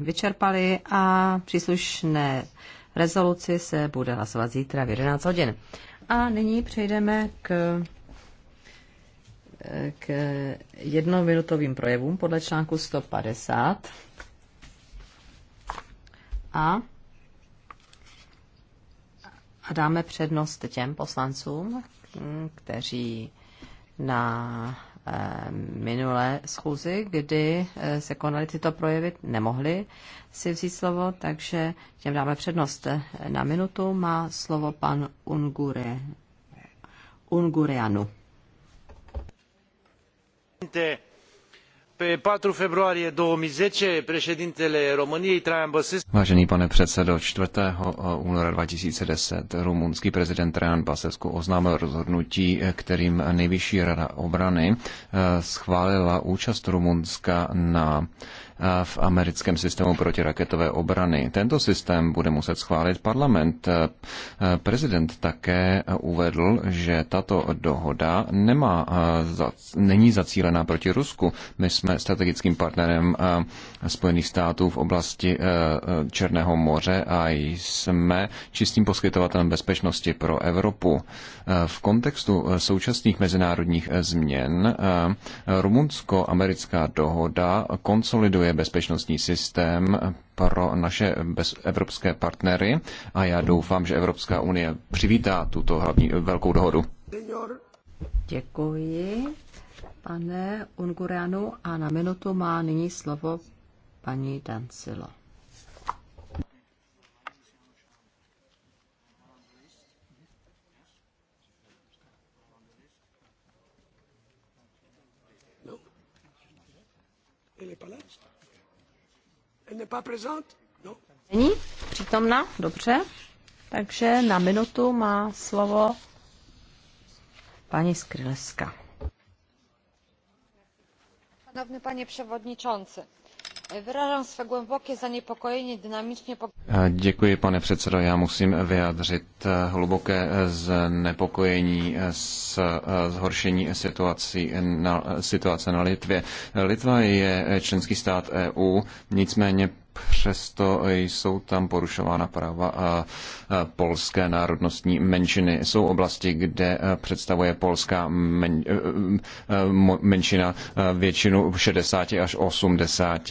vyčerpali a příslušné rezoluci se bude hlasovat zítra v 11 hodin. A nyní přejdeme k, k jednominutovým projevům podle článku 150. A, a dáme přednost těm poslancům, kteří na Eh, minulé schůzi, kdy eh, se konaly tyto projevy, nemohli si vzít slovo, takže těm dáme přednost. Na minutu má slovo pan Ungure, Ungureanu. Pe 4 februarie 2010 României Traian Băsescu Vážený pane předsedo, 4. Eh, února 2010 rumunský prezident Traian Basescu oznámil rozhodnutí, eh, kterým nejvyšší rada obrany eh, schválila účast Rumunska na v americkém systému protiraketové obrany. Tento systém bude muset schválit parlament. E, e, prezident také uvedl, že tato dohoda nemá, e, není zacílená proti Rusku. My jsme strategickým partnerem Spojených států v oblasti Černého moře a jsme čistým poskytovatelem bezpečnosti pro Evropu. V kontextu současných mezinárodních změn rumunsko-americká dohoda konsoliduje je bezpečnostní systém pro naše bez, evropské partnery a já doufám, že Evropská unie přivítá tuto hlavní velkou dohodu. Děkuji, pane Unguranu, a na minutu má nyní slovo paní Dancilo. No. le palazzo. Není přítomna? Dobře. Takže na minutu má slovo paní Skrileska. Szanowny panie przewodniczący! E, děkuji, pane předsedo. Já musím vyjádřit e, hluboké e, znepokojení s zhoršení situací na, situace na Litvě. Litva je členský stát EU, nicméně přesto jsou tam porušována práva a polské národnostní menšiny. Jsou oblasti, kde představuje polská men, menšina většinu 60 až 80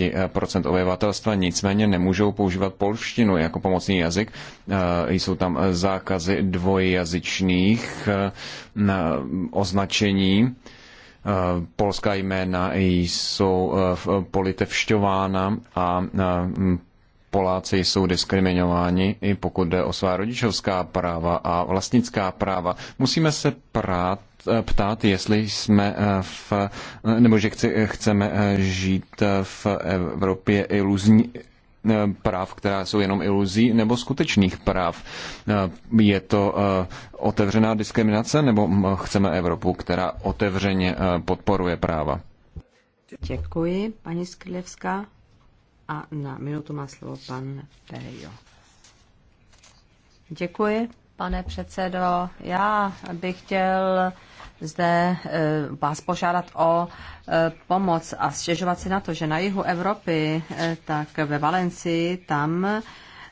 obyvatelstva, nicméně nemůžou používat polštinu jako pomocný jazyk. Jsou tam zákazy dvojjazyčných označení Eh, polská jména jsou eh, politevšťována a eh, Poláci jsou diskriminováni, i pokud jde o svá rodičovská práva a vlastnická práva. Musíme se prát, ptát, jestli jsme v, nebo že chci, chceme žít v Evropě iluzní, Eh, práv, která jsou jenom iluzí, nebo skutečných práv. Eh, je to eh, otevřená diskriminace, nebo hm, chceme Evropu, která otevřeně podporuje práva? Děkuji, paní Skrilevská. A na minutu má slovo pan Perejo. Děkuji, pane předsedo. Já bych chtěl zde eh, vás požádat o eh, pomoc a stěžovat si na to, že na jihu Evropy, eh, tak ve Valencii, tam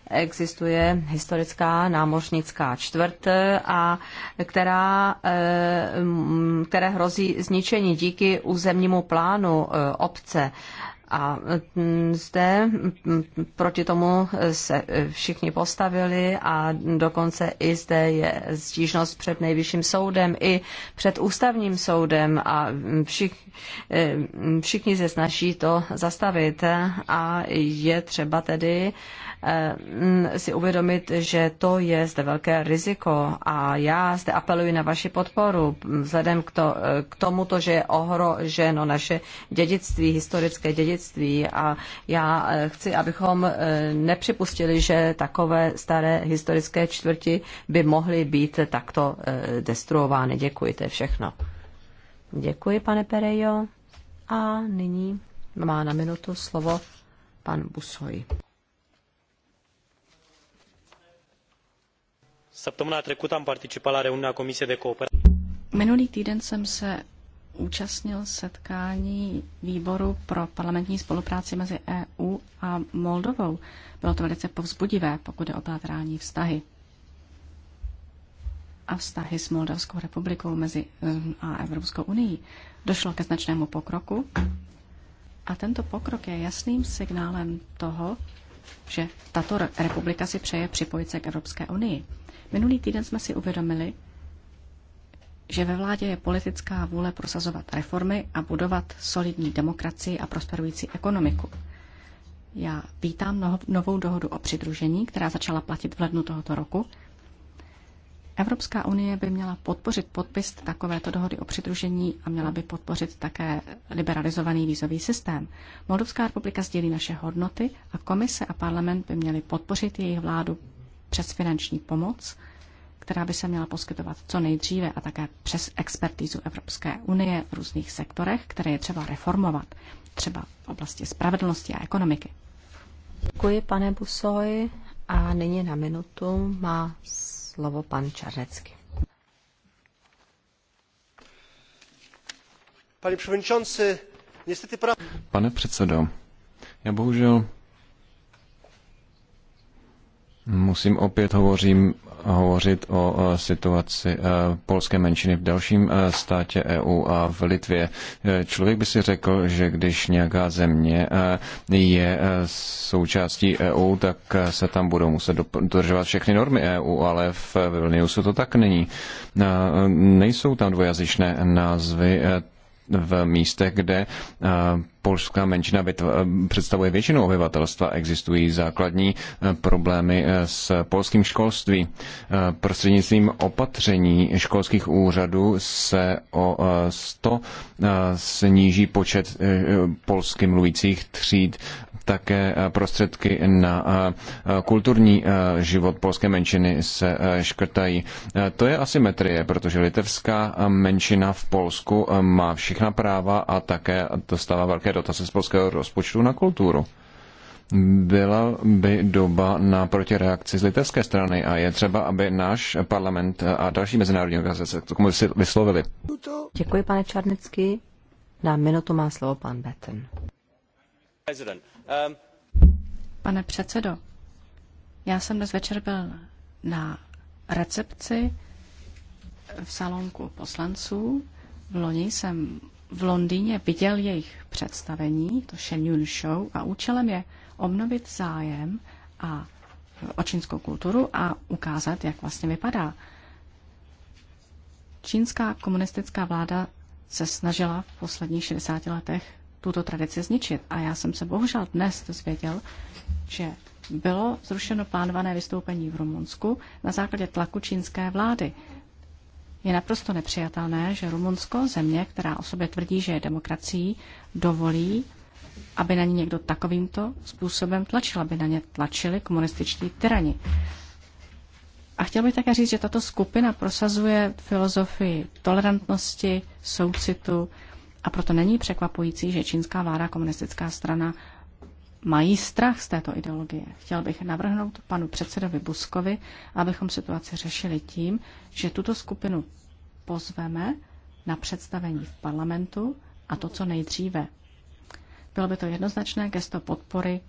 existuje historická námořnická čtvrt, a která, které hrozí zničení díky územnímu plánu obce a mm, zde mm, proti tomu se e, všichni postavili a dokonce i zde je stížnost před nejvyšším soudem, i před ústavním soudem a mm, všichni Eh, všichni se snaží to zastavit a je třeba tedy eh, mm, si uvědomit, že to je zde velké riziko a já zde apeluji na vaši podporu vzhledem k, to, eh, k tomuto, že je ohroženo naše dědictví, historické dědictví a já chci, abychom nepřipustili, že takové staré historické čtvrti by mohly být takto destruovány. Děkuji, to je všechno. Děkuji, pane Perejo. A nyní má na minutu slovo pan Busoj. de Minulý týden jsem se účastnil setkání výboru pro parlamentní spolupráci mezi EU a Moldovou. Bylo to velice povzbudivé, pokud je o bilaterální vztahy a vztahy s Moldavskou republikou mezi um, a Evropskou unii. Došlo ke značnému pokroku a tento pokrok je jasným signálem toho, že tato republika si přeje připojit se k Evropské unii. Minulý týden jsme si uvědomili, že ve vládě je politická vůle prosazovat reformy a budovat solidní demokracii a prosperující ekonomiku. Já vítám novou dohodu o přidružení, která začala platit v lednu tohoto roku Evropská unie by měla podpořit podpis takovéto dohody o přidružení a měla by podpořit také liberalizovaný vízový systém. Moldovská republika sdílí naše hodnoty a komise a parlament by měly podpořit jejich vládu přes finanční pomoc, která by se měla poskytovat co nejdříve a také přes expertízu Evropské unie v různých sektorech, které je třeba reformovat, třeba v oblasti spravedlnosti a ekonomiky. Děkuji, pane Busoj. A nyní na minutu má slovo pan Čarnecky. Pane předsedo, já bohužel Musím opět hovořím, hovořit o situaci e, polské menšiny v dalším e, státě EU a v Litvě. E, člověk by si řekl, že když nějaká země je součástí EU, tak se tam budou muset dodržovat všechny normy EU, ale v Vilniusu to tak není. Nejsou tam dvojazyčné názvy v místech, kde polská menšina eh, představuje většinu obyvatelstva, existují základní eh, problémy eh, s polským školství. Prostřednictvím opatření školských úřadů se o 100 sníží počet polsky mluvících tříd také prostředky na kulturní život polské menšiny se škrtají. To je asymetrie, protože litevská menšina v Polsku má všechna práva a také dostává velké dotace z polského rozpočtu na kulturu. Byla by doba na protireakci z litevské strany a je třeba, aby náš parlament a další mezinárodní organizace k tomu vyslovili. Děkuji, pane Čarnecký. Na minutu má slovo pan Betten. Um, pane předsedo, já jsem dnes večer byl na recepci v salonku poslanců. V loni jsem v Londýně viděl jejich představení, to Shenyun Show, a účelem je obnovit zájem a o čínskou kulturu a ukázat, jak vlastně vypadá. Čínská komunistická vláda se snažila v posledních 60 letech tuto tradici zničit. A já jsem se bohužel dnes dozvěděl, že bylo zrušeno plánované vystoupení v Rumunsku na základě tlaku čínské vlády. Je naprosto nepřijatelné, že Rumunsko, země, která o sobě tvrdí, že je demokracií, dovolí, aby na ní někdo takovýmto způsobem tlačil, aby na ně tlačili komunističtí tyrani. A chtěl bych také říct, že tato skupina prosazuje filozofii tolerantnosti, soucitu a proto není překvapující, že čínská vláda komunistická strana mají strach z této ideologie. Chtěl bych navrhnout panu předsedovi Buskovi, abychom situaci řešili tím, že tuto skupinu pozveme na představení v parlamentu a to co nejdříve. Bylo by to jednoznačné gesto podpory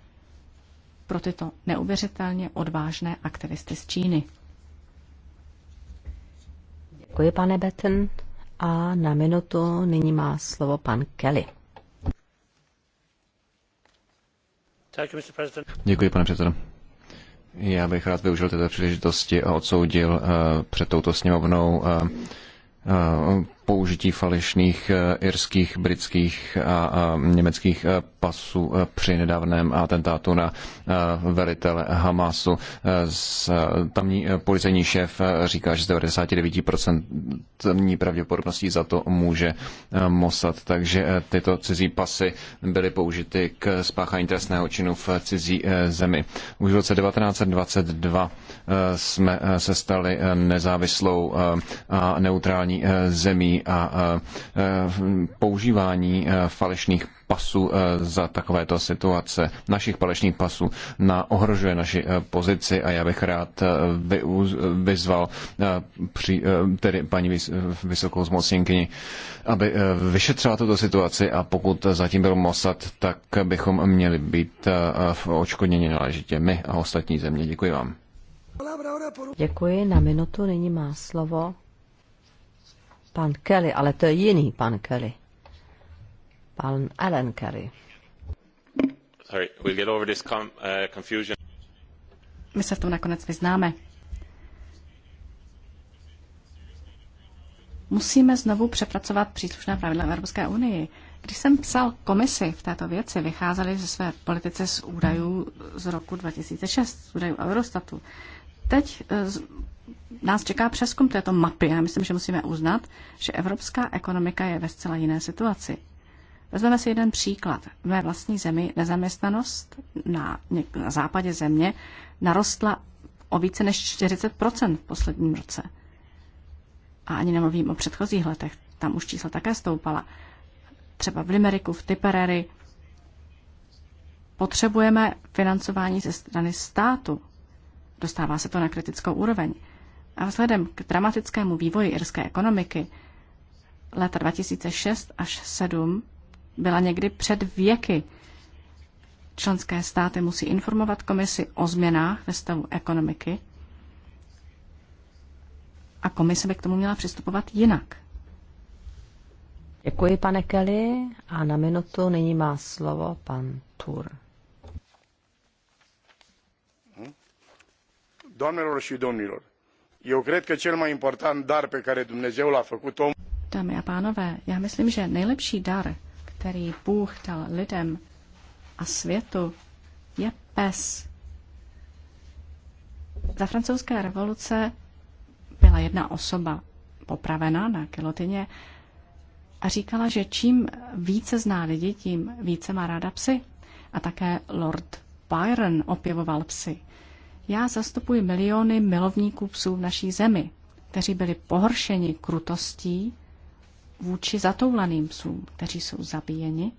pro tyto neuvěřitelně odvážné aktivisty z Číny. Děkuji, pane Betten. A na minutu nyní má slovo pan Kelly. Děkuji, pane předsedo. Já bych rád využil této příležitosti a odsoudil uh, před touto sněmovnou uh, uh, použití falešných irských, britských a, a německých pasu eh, při nedávném atentátu na eh, velitele Hamasu. Eh, tamní policejní šéf říká, že z 99% pravděpodobností za to může Mossad. Takže tyto cizí pasy byly použity k spáchání trestného činu v cizí zemi. Už v roce 1922 jsme se stali nezávislou a neutrální zemí a používání falešných pasů eh, za takovéto situace, našich palečních pasů, na, ohrožuje naši eh, pozici a já bych rád eh, vyzval při, tedy paní vysokou zmocněnkyni, aby vyšetřila tuto situaci a pokud zatím byl Mossad, tak bychom měli být v očkodnění náležitě my a ostatní země. Děkuji vám. Děkuji. Na minutu nyní má slovo pan Kelly, ale to je jiný pan Kelly. Uh, My se v tom nakonec vyznáme. Musíme znovu přepracovat příslušná pravidla v Evropské unii. Když jsem psal komisi v této věci, vycházeli ze své politice z údajů z roku 2006, z údajů Eurostatu. Teď eh, nás čeká přeskum této mapy. Já myslím, že musíme uznat, že evropská ekonomika je ve zcela jiné situaci. Vezmeme si jeden příklad. V mé vlastní zemi nezaměstnanost na, na západě země narostla o více než 40 v posledním roce. A ani nemluvím o předchozích letech, tam už čísla také stoupala. Třeba v Limeriku, v Tipperary. Potřebujeme financování ze strany státu. Dostává se to na kritickou úroveň. A vzhledem k dramatickému vývoji irské ekonomiky leta 2006 až 7 byla někdy před věky. Členské státy musí informovat komisi o změnách ve stavu ekonomiky a komise by k tomu měla přistupovat jinak. Děkuji, pane Kelly. A na minutu nyní má slovo pan Tur. Doamnelor și domnilor, eu cred că cel mai important dar pe care Dumnezeu l-a făcut om... Dámy a pánové, já myslím, že nejlepší dar, který Bůh dal lidem a světu, je pes. Za francouzské revoluce byla jedna osoba popravena na kilotině a říkala, že čím více zná lidi, tím více má ráda psy. A také Lord Byron opěvoval psy. Já zastupuji miliony milovníků psů v naší zemi, kteří byli pohoršeni krutostí, vůči zatoulaným psům, kteří jsou zabíjeni.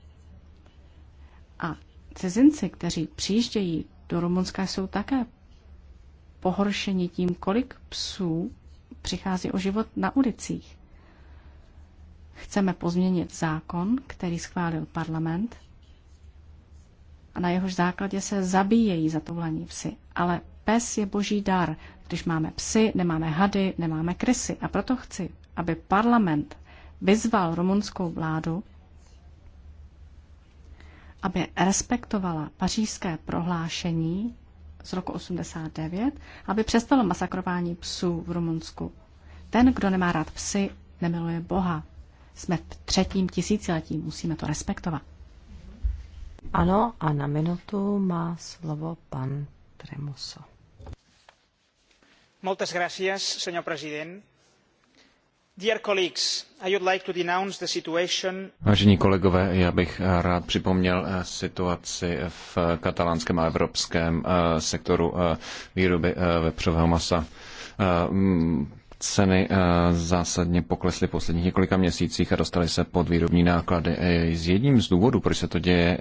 A cizinci, kteří přijíždějí do Rumunska, jsou také pohoršeni tím, kolik psů přichází o život na ulicích. Chceme pozměnit zákon, který schválil parlament a na jehož základě se zabíjejí zatoulaní psy. Ale pes je boží dar. Když máme psy, nemáme hady, nemáme krysy. A proto chci, aby parlament vyzval rumunskou vládu, aby respektovala pařížské prohlášení z roku 89, aby přestalo masakrování psů v Rumunsku. Ten, kdo nemá rád psy, nemiluje Boha. Jsme v třetím tisíciletí, musíme to respektovat. Ano, a na minutu má slovo pan Tremuso. Moltes gracias, señor president. Vážení kolegové, já bych eh, rád připomněl eh, situaci v katalánském a evropském eh, sektoru výroby vepřového masa ceny eh, zásadně poklesly v posledních několika měsících a dostaly se pod výrobní náklady. Z eh, jedním z důvodů, proč se to děje,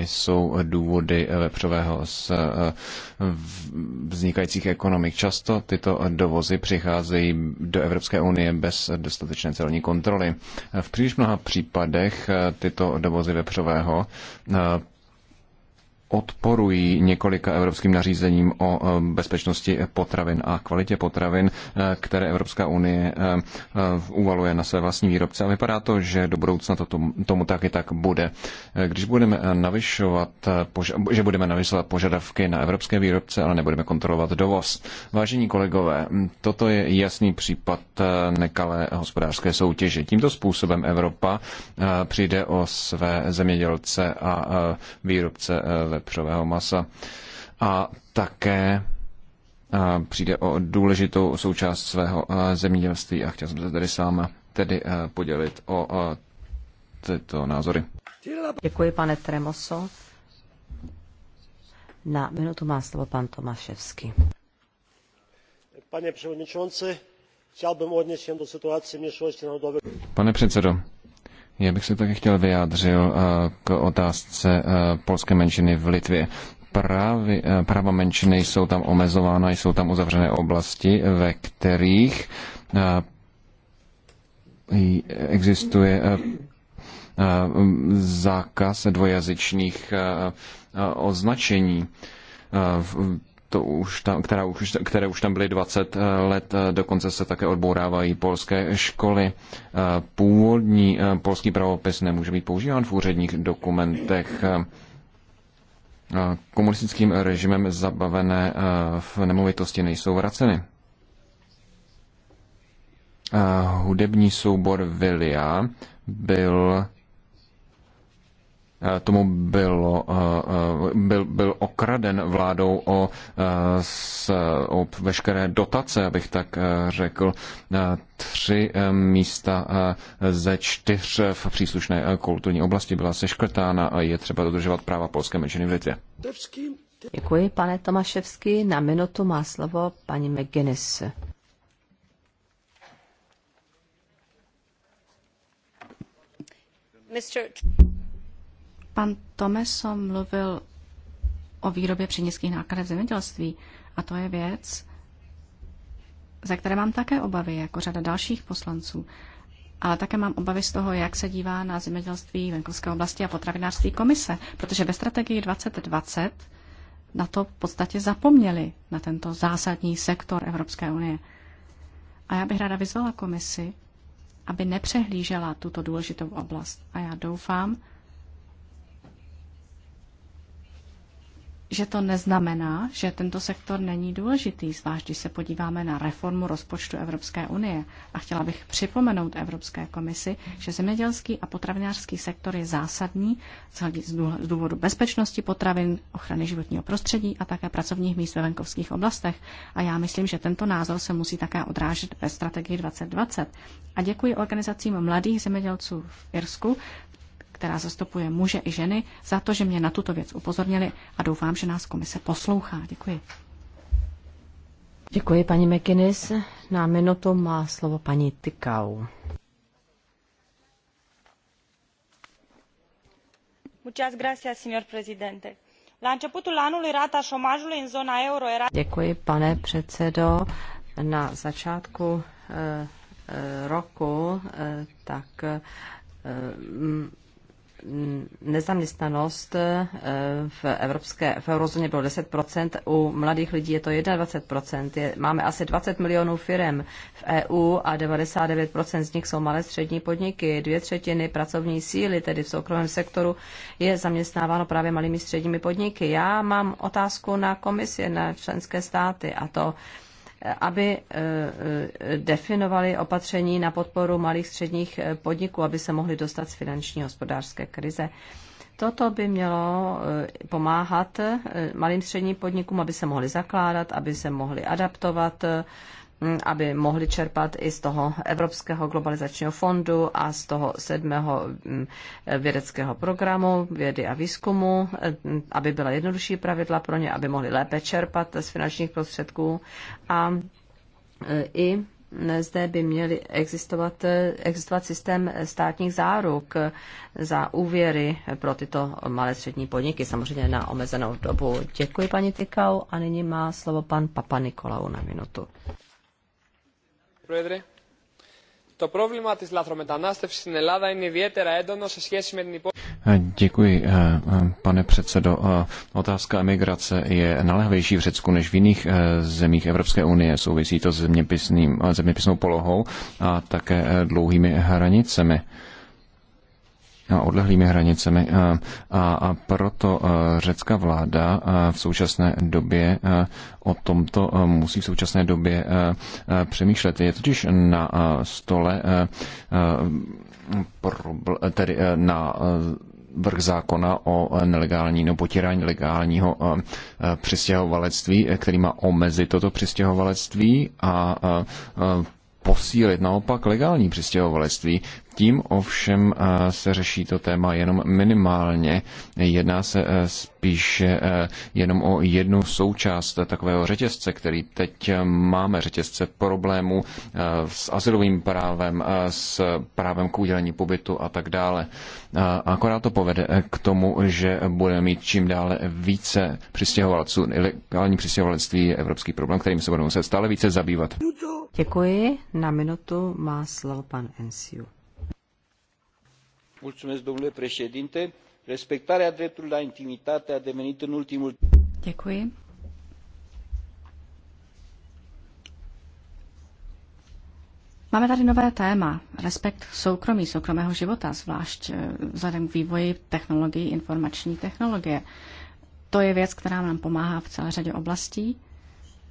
jsou důvody eh, vepřového z vznikajících ekonomik. Často tyto dovozy přicházejí do Evropské unie bez dostatečné celní kontroly. V příliš mnoha případech tyto dovozy vepřového odporují několika evropským nařízením o eh, bezpečnosti potravin a kvalitě potravin, eh, které Evropská unie eh, uvaluje na své vlastní výrobce. A vypadá to, že do budoucna to tomu taky tak bude. Když budeme navyšovat, že budeme navyšovat požadavky na evropské výrobce, ale nebudeme kontrolovat dovoz. Vážení kolegové, hm, toto je jasný případ nekalé hospodářské soutěže. Tímto způsobem Evropa přijde o své zemědělce a výrobce ve vepřového masa. A také přijde o důležitou součást svého zemědělství a chtěl jsem se tady sám tedy podělit o tyto názory. Děkuji, pane Tremoso. Na minutu má slovo pan Tomaševský. Pane Pane předsedo, já bych se také chtěl vyjádřil eh, k otázce eh, polské menšiny v Litvě. Právy, eh, práva menšiny jsou tam omezována, jsou tam uzavřené oblasti, ve kterých existuje zákaz dvojazyčných označení to už tam, která už, které už tam byly 20 eh, let. Eh, dokonce se také odbourávají polské školy. Eh, původní polský pravopis nemůže být používán v úředních dokumentech. Komunistickým režimem zabavené v nemovitosti nejsou vraceny. Hudební soubor Vilia byl Eh, tomu bylo, eh, eh, byl, byl okraden vládou o, s, o veškeré dotace, abych tak řekl, tři místa ze čtyř v příslušné kulturní oblasti byla seškrtána a je třeba dodržovat práva polské menšiny v Litvě. Děkuji, pane Tomaševský. Na minutu má slovo paní McGuinness. Mr. Pan Tomeso mluvil o výrobě při nízkých nákladech v zemědělství a to je věc, za které mám také obavy, jako řada dalších poslanců. Ale také mám obavy z toho, jak se dívá na zemědělství venkovské oblasti a potravinářství komise, protože ve strategii 2020 na to v podstatě zapomněli, na tento zásadní sektor Evropské unie. A já bych ráda vyzvala komisi, aby nepřehlížela tuto důležitou oblast. A já doufám, že to neznamená, že tento sektor není důležitý, zvlášť když se podíváme na reformu rozpočtu Evropské unie. A chtěla bych připomenout Evropské komisi, že zemědělský a potravinářský sektor je zásadní z důvodu bezpečnosti potravin, ochrany životního prostředí a také pracovních míst ve venkovských oblastech. A já myslím, že tento názor se musí také odrážet ve strategii 2020. A děkuji organizacím mladých zemědělců v Irsku, která zastupuje muže i ženy, za to, že mě na tuto věc upozornili a doufám, že nás komise poslouchá. Děkuji. Děkuji, paní McInnes. Na minutu má slovo paní Tykau. La începutul anului rata șomajului în zona euro era... Děkuji, pane předsedo. Na začátku eh, eh, roku eh, tak nezaměstnanost eh, v evropské v eurozóně bylo 10%, u mladých lidí je to 21%. Je, máme asi 20 milionů firm v EU a 99% z nich jsou malé střední podniky. Dvě třetiny pracovní síly, tedy v soukromém sektoru, je zaměstnáváno právě malými středními podniky. Já mám otázku na komisi, na členské státy a to, aby eh, eh, definovali opatření na podporu malých středních eh, podniků, aby se mohli dostat z finanční hospodářské krize. Toto by mělo pomáhat malým středním podnikům, aby se mohli zakládat, aby se mohli adaptovat aby mohli čerpat i z toho Evropského globalizačního fondu a z toho sedmého vědeckého programu vědy a výzkumu, aby byla jednodušší pravidla pro ně, aby mohli lépe čerpat z finančních prostředků a e, i zde by měly existovat, e, existovat systém státních záruk za úvěry pro tyto malé střední podniky, samozřejmě na omezenou dobu. Děkuji paní Tykau a nyní má slovo pan Papa Nikolau na minutu. Πρόεδρε. πρόβλημα της λαθρομετανάστευσης στην Ελλάδα είναι ιδιαίτερα έντονο σε σχέση με την υπόλοιπη... Děkuji, pane předsedo. Otázka emigrace je naléhavější v Řecku než v jiných e, zemích Evropské unie. Souvisí to s zeměpisným, e, zeměpisnou polohou a také e, dlouhými hranicemi odlehlými hranicemi a, a proto řecká vláda v současné době o tomto musí v současné době přemýšlet. Je totiž na stole tedy na vrch zákona o nelegální nebo potírání legálního přistěhovalectví, který má omezit toto přistěhovalectví a posílit naopak legální přistěhovalectví, tím ovšem eh, se řeší to téma jenom minimálně. Jedná se eh, spíše eh, jenom o jednu součást takového řetězce, který teď máme, řetězce problémů s asilovým právem, s právem k udělení pobytu a tak dále. Akorát to povede k tomu, že budeme mít čím dále více přistěhovalců. Ilegální přistěhovalectví je evropský problém, kterým se budeme muset stále více zabývat. Děkuji. Na minutu má slovo pan Ensiu domnule președinte respectarea dreptului la intimitate a devenit în ultimul. Děkuji. Máme tady nové téma, respekt soukromí, soukromého života, zvlášť eh, vzhledem k vývoji technologií, informační technologie. To je věc, která nám pomáhá v celé řadě oblastí,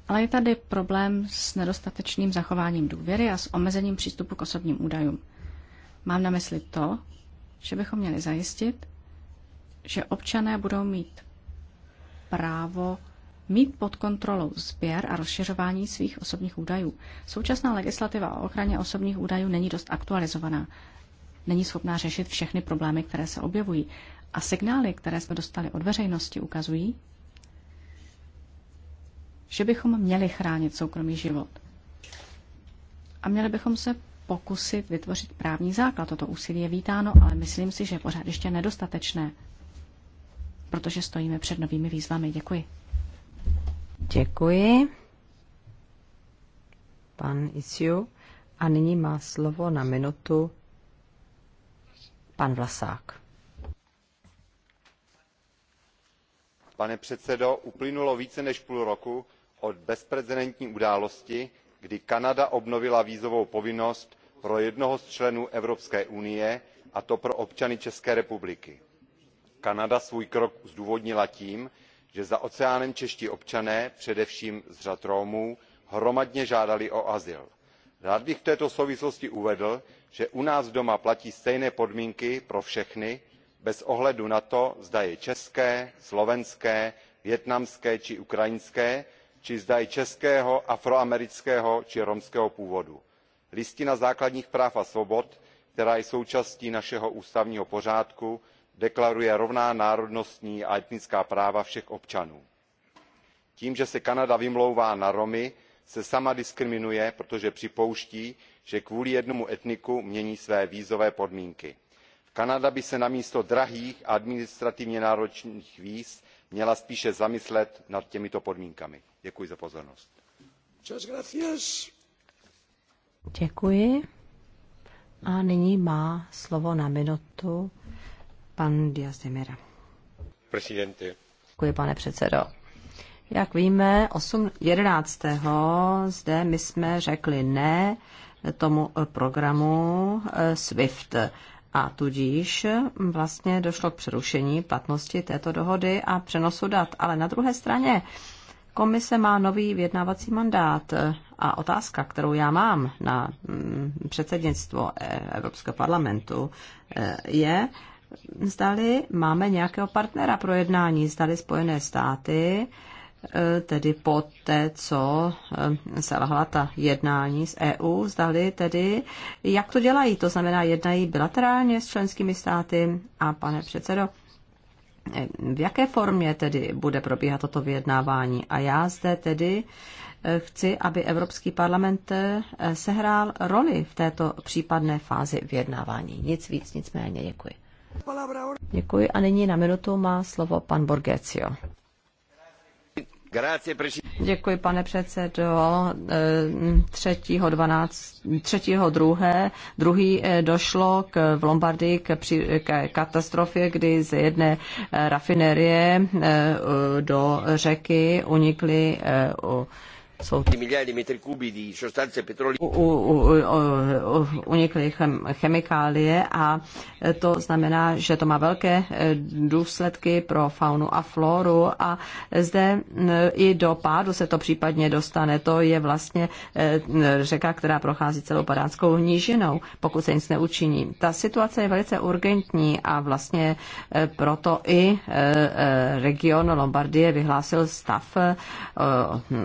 ale je tady problém s nedostatečným zachováním důvěry a s omezením přístupu k osobním údajům. Mám na mysli to, že bychom měli zajistit, že občané budou mít právo mít pod kontrolou sběr a rozšiřování svých osobních údajů. Současná legislativa o ochraně osobních údajů není dost aktualizovaná. Není schopná řešit všechny problémy, které se objevují. A signály, které jsme dostali od veřejnosti, ukazují, že bychom měli chránit soukromý život. A měli bychom se pokusit vytvořit právní základ. Toto úsilí je vítáno, ale myslím si, že je pořád ještě nedostatečné, protože stojíme před novými výzvami. Děkuji. Děkuji. Pan Isiu. A nyní má slovo na minutu pan Vlasák. Pane předsedo, uplynulo více než půl roku od bezprecedentní události, kdy kanada obnovila vízovou povinnost pro jednoho z členů evropské unie a to pro občany české republiky. kanada svůj krok zdůvodnila tím že za oceánem čeští občané především z řad romů hromadně žádali o azyl. rád bych v této souvislosti uvedl že u nás doma platí stejné podmínky pro všechny bez ohledu na to zda je české slovenské vietnamské či ukrajinské či zda je českého afroamerického či romského původu. listina základních práv a svobod která je součástí našeho ústavního pořádku deklaruje rovná národnostní a etnická práva všech občanů. tím že se kanada vymlouvá na romy se sama diskriminuje protože připouští že kvůli jednomu etniku mění své vízové podmínky. kanada by se namísto drahých a administrativně náročných víz měla spíše zamyslet nad těmito podmínkami. Děkuji za pozornost. Děkuji. A nyní má slovo na minutu pan Diaz de Mera. Presidente. Děkuji, pane předsedo. Jak víme, 8, 11. zde my jsme řekli ne tomu programu eh, SWIFT. A tudíž vlastně došlo k přerušení platnosti této dohody a přenosu dat. Ale na druhé straně Komise má nový vyjednávací mandát a otázka, kterou já mám na mm, předsednictvo eh, Evropského parlamentu, eh, je, zdali máme nějakého partnera pro jednání, zdali Spojené státy, eh, tedy po té, co lahla ta jednání s EU, zdali tedy, jak to dělají, to znamená, jednají bilaterálně s členskými státy a pane předsedo, v jaké formě tedy bude probíhat toto vyjednávání. A já zde tedy eh, chci, aby Evropský parlament eh, sehrál roli v této případné fázi vyjednávání. Nic víc, nic méně. Děkuji. Děkuji a nyní na minutu má slovo pan Borgecio. Děkuji, pane předsedo. 2. Eh, druhý eh, došlo k, v Lombardii k, při, k katastrofě, kdy z jedné eh, rafinerie do řeky unikly u unikly chemikálie a to znamená, že to má velké eh, důsledky pro faunu a floru a zde i do pádu se to případně dostane. To je vlastně eh, řeka, která prochází celou padánskou nížinou, pokud se nic neučiní. Ta situace je velice urgentní a vlastně eh, proto i region Lombardie vyhlásil stav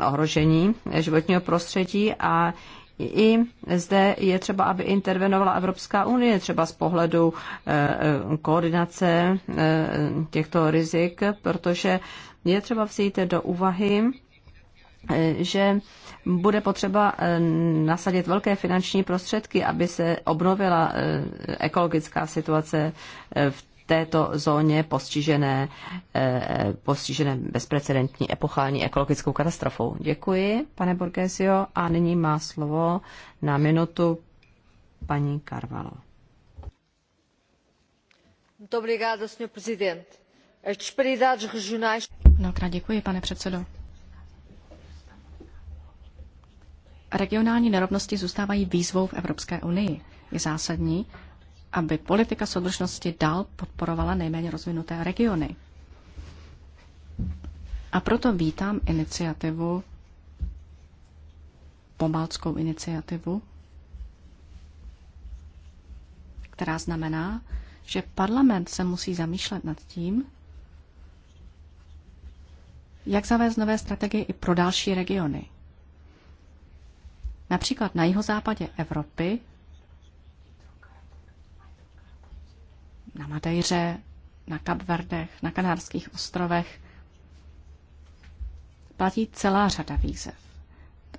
ohrožení Eh, životního prostředí a i zde je třeba, aby intervenovala Evropská unie, třeba z pohledu eh, eh, koordinace těchto rizik, protože je třeba vzít do úvahy, že bude potřeba nasadit velké finanční prostředky, aby se obnovila ekologická situace v této zóně postižené, eh, postižené bezprecedentní epochální ekologickou katastrofou. Děkuji, pane Borgesio, a nyní má slovo na minutu paní Carvalho. Mnohokrát děkuji, pane předsedo. Regionální nerovnosti zůstávají výzvou v Evropské unii. Je zásadní, aby politika soudržnosti dál podporovala nejméně rozvinuté regiony. A proto vítám iniciativu, pobaltskou iniciativu, která znamená, že parlament se musí zamýšlet nad tím, jak zavést nové strategie i pro další regiony. Například na jihozápadě Evropy na Madejře, na Kapverdech, na Kanárských ostrovech, platí celá řada výzev.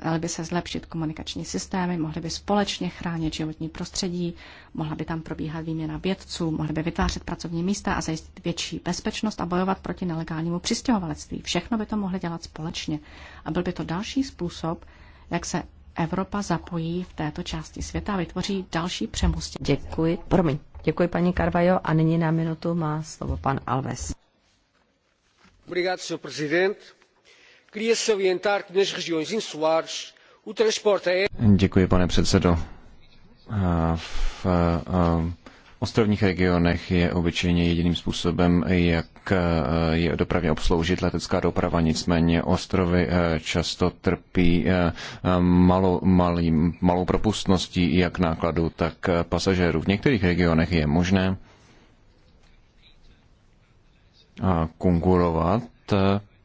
Dali by se zlepšit komunikační systémy, mohli by společně chránit životní prostředí, mohla by tam probíhat výměna vědců, mohli by vytvářet pracovní místa a zajistit větší bezpečnost a bojovat proti nelegálnímu přistěhovalectví. Všechno by to mohli dělat společně. A byl by to další způsob, jak se Evropa zapojí v této části světa a vytvoří další přemostě. Děkuji. Promiň. Děkuji paní Carvajo a nyní na minutu má slovo pan Alves. Obrigado, Queria salientar que nas regiões insulares o transporte Děkuji, pane předsedo. V ostrovních regionech je obyčejně jediným způsobem, jak Eh, je dopravně obsloužit letecká doprava, nicméně ostrovy eh, často trpí eh, malou, malý, malou propustností jak nákladu tak pasažérů. V některých regionech je možné konkurovat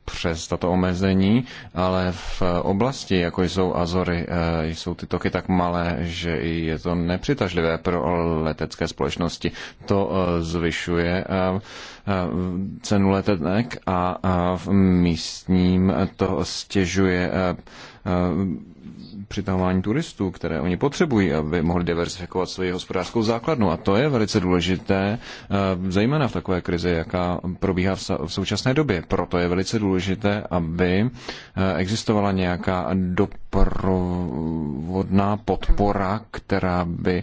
přes tato omezení, ale v oblasti, jako jsou Azory, eh, jsou ty toky tak malé, že je to nepřitažlivé pro letecké společnosti. To eh, zvyšuje eh, cenu letenek a v místním to stěžuje přitahování turistů, které oni potřebují, aby mohli diversifikovat svoji hospodářskou základnu. A to je velice důležité, eh, zejména v takové krizi, jaká probíhá v současné době. Proto je velice důležité, aby eh, existovala nějaká doprovodná podpora, která by eh,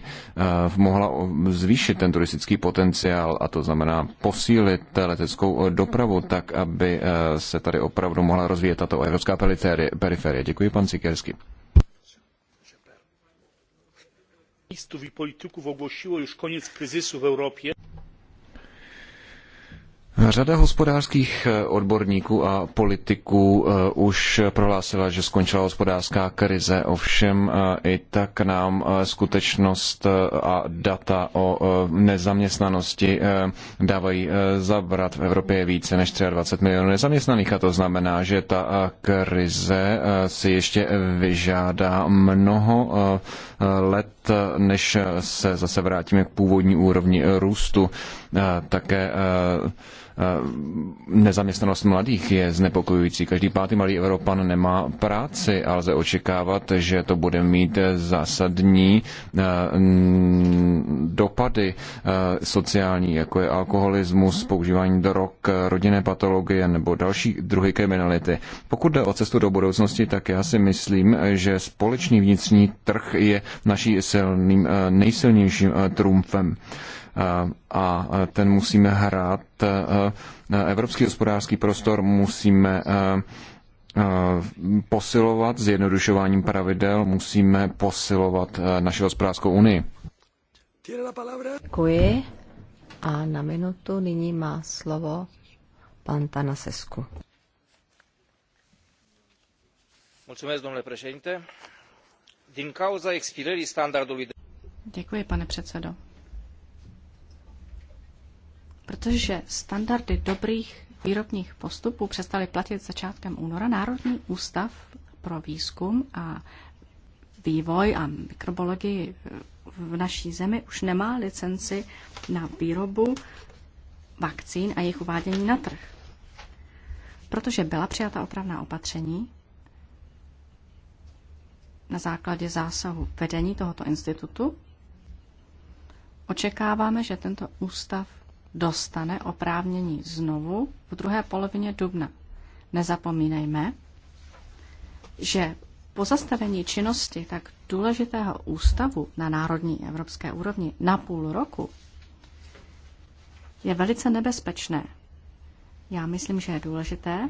mohla zvýšit ten turistický potenciál, a to znamená posílit leteckou dopravu tak, aby se tady opravdu mohla rozvíjet tato evropská periferie. Děkuji, pan Sikersky. ekonomistów i polityków ogłosiło już koniec kryzysu w Europie. Řada hospodářských e, odborníků a politiků e, už prohlásila, že skončila hospodářská krize, ovšem e, i tak nám skutečnost a data o nezaměstnanosti dávají zabrat. V Evropě je více než 23 milionů nezaměstnaných a to znamená, že ta krize si ještě vyžádá mnoho let, než se zase vrátíme k původní úrovni růstu. Eh, také eh, Eh, nezaměstnanost mladých je znepokojující. Každý pátý malý Evropan nemá práci a lze očekávat, že to bude mít zásadní eh, dopady eh, sociální, jako je alkoholismus, používání drog, rodinné patologie nebo další druhy kriminality. Pokud jde o cestu do budoucnosti, tak já si myslím, že společný vnitřní trh je naší silným, nejsilnějším trumfem a ten musíme hrát. E, e, evropský hospodářský prostor musíme e, posilovat zjednodušováním pravidel, musíme posilovat naši hospodářskou unii. Děkuji. A na minutu nyní má slovo pan Tanasesku. Děkuji, pane předsedo. Protože standardy dobrých výrobních postupů přestaly platit začátkem února, Národní ústav pro výzkum a vývoj a mikrobologii v naší zemi už nemá licenci na výrobu vakcín a jejich uvádění na trh. Protože byla přijata opravná opatření na základě zásahu vedení tohoto institutu, očekáváme, že tento ústav dostane oprávnění znovu v druhé polovině dubna. Nezapomínejme, že pozastavení činnosti tak důležitého ústavu na národní evropské úrovni na půl roku je velice nebezpečné. Já myslím, že je důležité,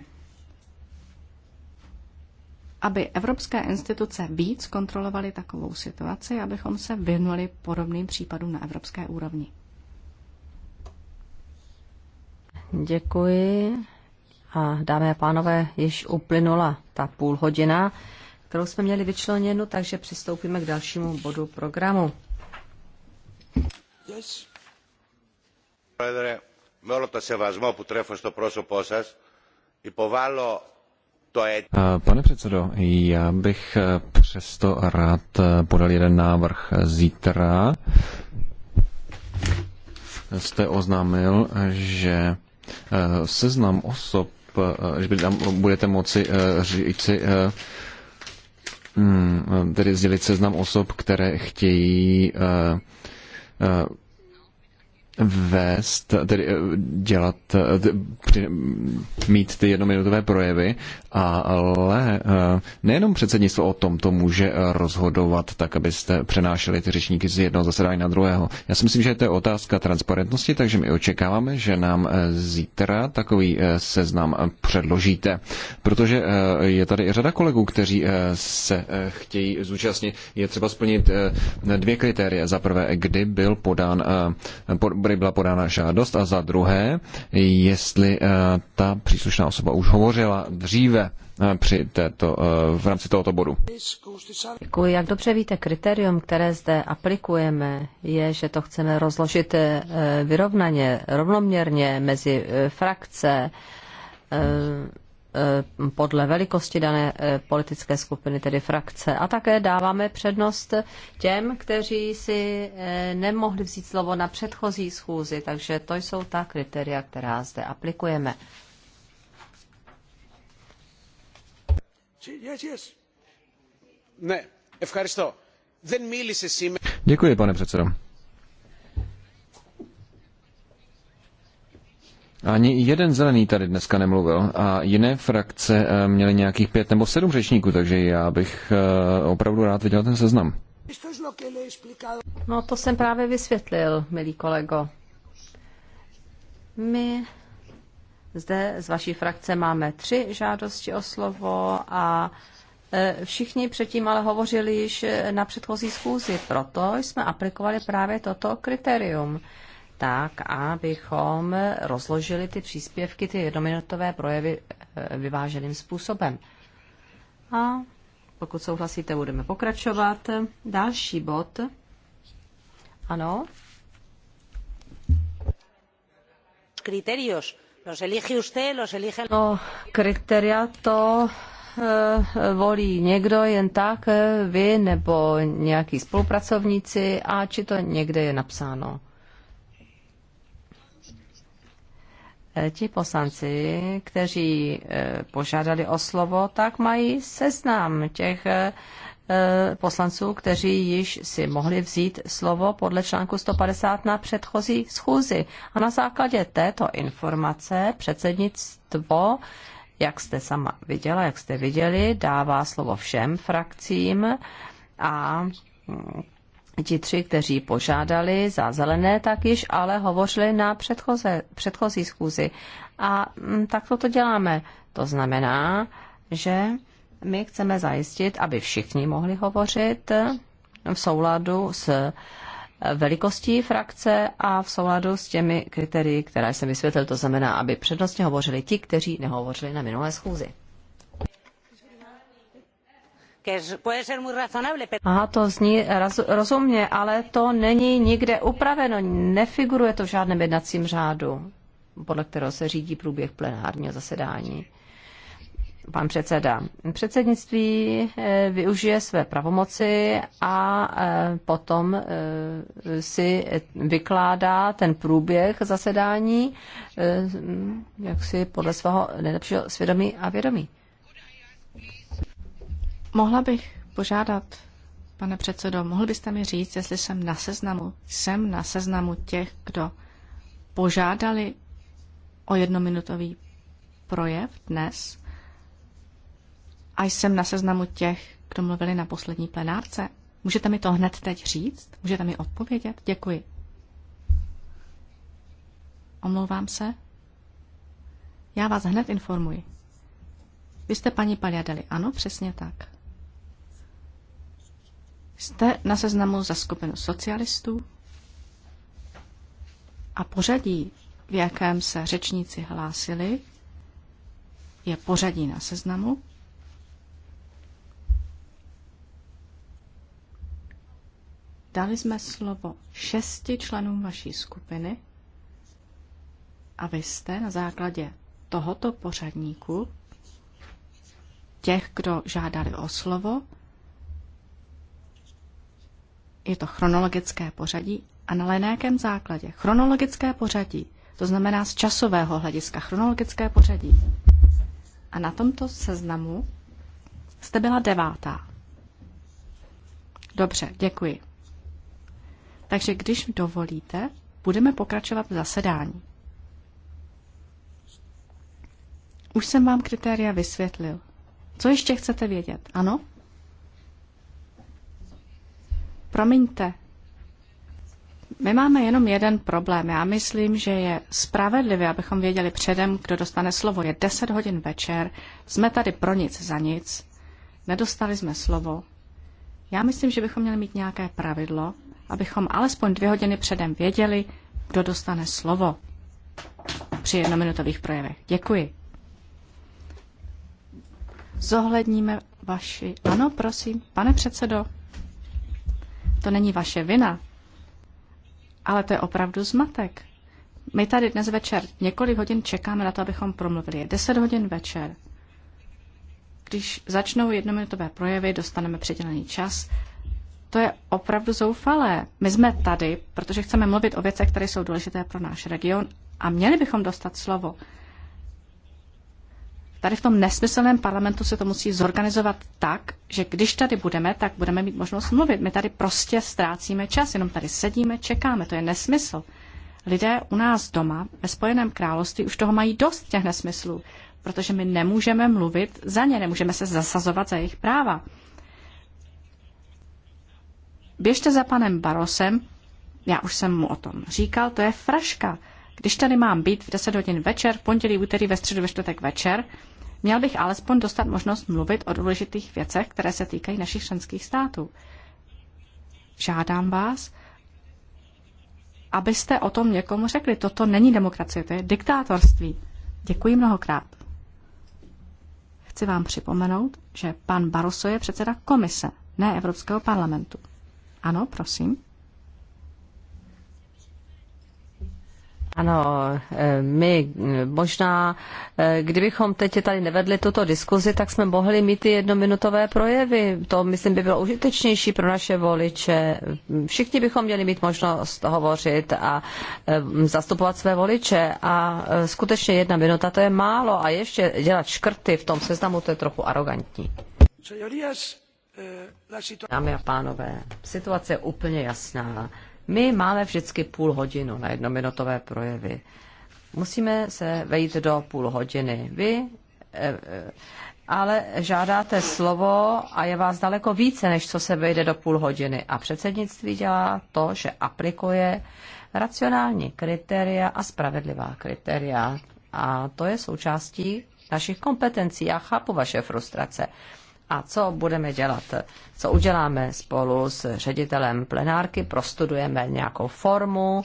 aby evropské instituce víc kontrolovaly takovou situaci, abychom se vyhnuli podobným případům na evropské úrovni. Děkuji. A dámy a pánové, již uplynula ta půl hodina, kterou jsme měli vyčleněnu, takže přistoupíme k dalšímu bodu programu. Yes. Πρόεδρε, με όλο το σεβασμό που τρέφω στο πρόσωπό σας, υποβάλλω Pane předsedo, já bych přesto rád podal jeden návrh zítra. Jste oznámil, že Eh, seznam osob, eh, že by tam budete moci eh, říci, hmm, tedy sdělit seznam osob, které chtějí vést, tedy eh, dělat, eh, mít ty jednominutové projevy, ale eh, nejenom předsednictvo o tom to může rozhodovat tak, abyste přenášeli ty řečníky z jednoho zasedání na druhého. Já si myslím, že to je otázka transparentnosti, takže my očekáváme, že nám zítra takový seznam předložíte, protože je tady řada kolegů, kteří se chtějí zúčastnit. Je třeba splnit dvě kritéria. Za prvé, kdy byl podán by byla podána žádost a za druhé, jestli eh, ta příslušná osoba už hovořila dříve eh, při této, eh, v rámci tohoto bodu. Děkuji. Jak dobře víte, kritérium, které zde aplikujeme, je, že to chceme rozložit vyrovnaně, rovnoměrně mezi frakce, Eh, podle velikosti dané eh, politické skupiny, tedy frakce. A také dáváme přednost těm, kteří si eh, nemohli vzít slovo na předchozí schůzi, takže to jsou ta kritéria, která zde aplikujeme. Děkuji, pane předsedo. Ani jeden zelený tady dneska nemluvil a jiné frakce eh, měly nějakých pět nebo sedm řečníků, takže já bych eh, opravdu rád viděl ten seznam. No to jsem právě vysvětlil, milý kolego. My zde z vaší frakce máme tři žádosti o slovo a eh, všichni předtím ale hovořili již na předchozí schůzi, proto jsme aplikovali právě toto kritérium tak, abychom rozložili ty příspěvky, ty jednominutové projevy eh, vyváženým způsobem. A pokud souhlasíte, budeme pokračovat. Další bod. Ano. Kriterios. Los elige usted, los elige... No, kritéria to eh, volí někdo jen tak, eh, vy nebo nějaký spolupracovníci, a či to někde je napsáno? E, ti poslanci, kteří e, požádali o slovo, tak mají seznam těch e, poslanců, kteří již si mohli vzít slovo podle článku 150 na předchozí schůzi. A na základě této informace předsednictvo, jak jste sama viděla, jak jste viděli, dává slovo všem frakcím a ti tři, kteří požádali za zelené, tak již ale hovořili na předchoze, předchozí schůzi. A mm, tak to děláme. To znamená, že my chceme zajistit, aby všichni mohli hovořit v souladu s eh, velikostí frakce a v souladu s těmi kritérii, která jsem vysvětlil. To znamená, aby přednostně hovořili ti, kteří nehovořili na minulé schůzi. Aha, to zní raz, rozumně, ale to není nikde upraveno, nefiguruje to v žádném jednacím řádu, podle kterého se řídí průběh plenárního zasedání. Pan předseda. Předsednictví eh, využije své pravomoci a eh, potom eh, si vykládá ten průběh zasedání jak si podle svého nejlepšího svědomí a vědomí. Mohla bych požádat, pane předsedo, mohl byste mi říct, jestli jsem na seznamu, jsem na seznamu těch, kdo požádali o jednominutový projev dnes a jsem na seznamu těch, kdo mluvili na poslední plenárce. Můžete mi to hned teď říct? Můžete mi odpovědět? Děkuji. Omlouvám se. Já vás hned informuji. Vy jste paní Paliadeli. Ano, přesně tak. Jste na seznamu za skupinu socialistů a pořadí, v jakém se řečníci hlásili, je pořadí na seznamu. Dali jsme slovo šesti členům vaší skupiny a vy jste na základě tohoto pořadníku těch, kdo žádali o slovo, je to chronologické pořadí, a na nějakém základě. Chronologické pořadí, to znamená z časového hlediska, chronologické pořadí. A na tomto seznamu jste byla devátá. Dobře, děkuji. Takže když dovolíte, budeme pokračovat v zasedání. Už jsem vám kritéria vysvětlil. Co ještě chcete vědět? Ano? Promiňte, my máme jenom jeden problém. Já myslím, že je spravedlivé, abychom věděli předem, kdo dostane slovo. Je 10 hodin večer, jsme tady pro nic za nic, nedostali jsme slovo. Já myslím, že bychom měli mít nějaké pravidlo, abychom alespoň dvě hodiny předem věděli, kdo dostane slovo při jednominutových projevech. Děkuji. Zohledníme vaši... Ano, prosím, pane předsedo to není vaše vina, ale to je opravdu zmatek. My tady dnes večer několik hodin čekáme na to, abychom promluvili. Je 10 hodin večer. Když začnou jednominutové projevy, dostaneme předělený čas. To je opravdu zoufalé. My jsme tady, protože chceme mluvit o věcech, které jsou důležité pro náš region a měli bychom dostat slovo. Tady v tom nesmyslném parlamentu se to musí zorganizovat tak, že když tady budeme, tak budeme mít možnost mluvit. My tady prostě ztrácíme čas, jenom tady sedíme, čekáme. To je nesmysl. Lidé u nás doma ve Spojeném království už toho mají dost těch nesmyslů, protože my nemůžeme mluvit za ně, nemůžeme se zasazovat za jejich práva. Běžte za panem Barosem, já už jsem mu o tom říkal, to je fraška. Když tady mám být v 10 hodin večer, v pondělí, úterý, ve středu, ve čtvrtek večer, měl bych alespoň dostat možnost mluvit o důležitých věcech, které se týkají našich členských států. Žádám vás, abyste o tom někomu řekli. Toto není demokracie, to je diktátorství. Děkuji mnohokrát. Chci vám připomenout, že pan Barroso je předseda komise, ne Evropského parlamentu. Ano, prosím. Ano, eh, my eh, možná, eh, kdybychom teď tady nevedli tuto diskuzi, tak jsme mohli mít i jednominutové projevy. To, myslím, by bylo užitečnější pro naše voliče. Všichni bychom měli mít možnost hovořit a zastupovat své voliče. A skutečně jedna minuta, to je málo. A ještě dělat škrty v tom seznamu, to je trochu arrogantní. Dámy a pánové, situace je úplně jasná. My máme vždycky půl hodinu na jednominutové projevy. Musíme se vejít do půl hodiny. Vy eh, eh, ale žádáte slovo a je vás daleko více, než co se vejde do půl hodiny. A předsednictví dělá to, že aplikuje racionální kritéria a spravedlivá kritéria. A to je součástí našich kompetencí. Já chápu vaše frustrace. A co budeme dělat? Co uděláme spolu s ředitelem plenárky? Prostudujeme nějakou formu,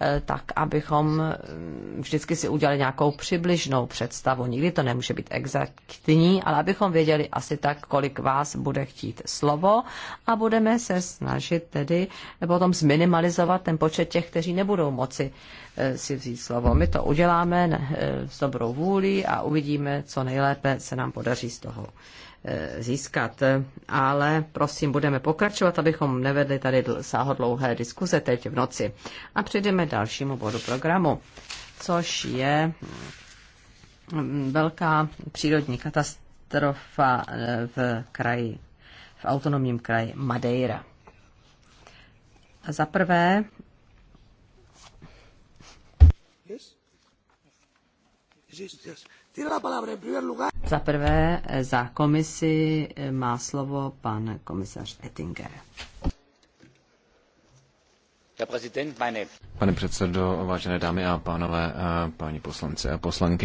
eh, tak abychom mm, vždycky si udělali nějakou přibližnou představu. Nikdy to nemůže být exaktní, ale abychom věděli asi tak, kolik vás bude chtít slovo a budeme se snažit tedy eh, potom zminimalizovat ten počet těch, kteří nebudou moci eh, si vzít slovo. My to uděláme s dobrou vůli a uvidíme, co nejlépe se nám podaří z toho Eh, získat. Ale prosím, budeme pokračovat, abychom nevedli tady sáhodlouhé diskuze teď v noci. A přejdeme dalšímu bodu programu, což je mm, velká přírodní katastrofa eh, v kraji, v autonomním kraji Madeira. Za prvé, yes? Yes, yes. Za prvé za komisi má slovo pan komisař Ettinger. Pane předsedo, vážené dámy a pánové, eh, páni poslanci a poslanky,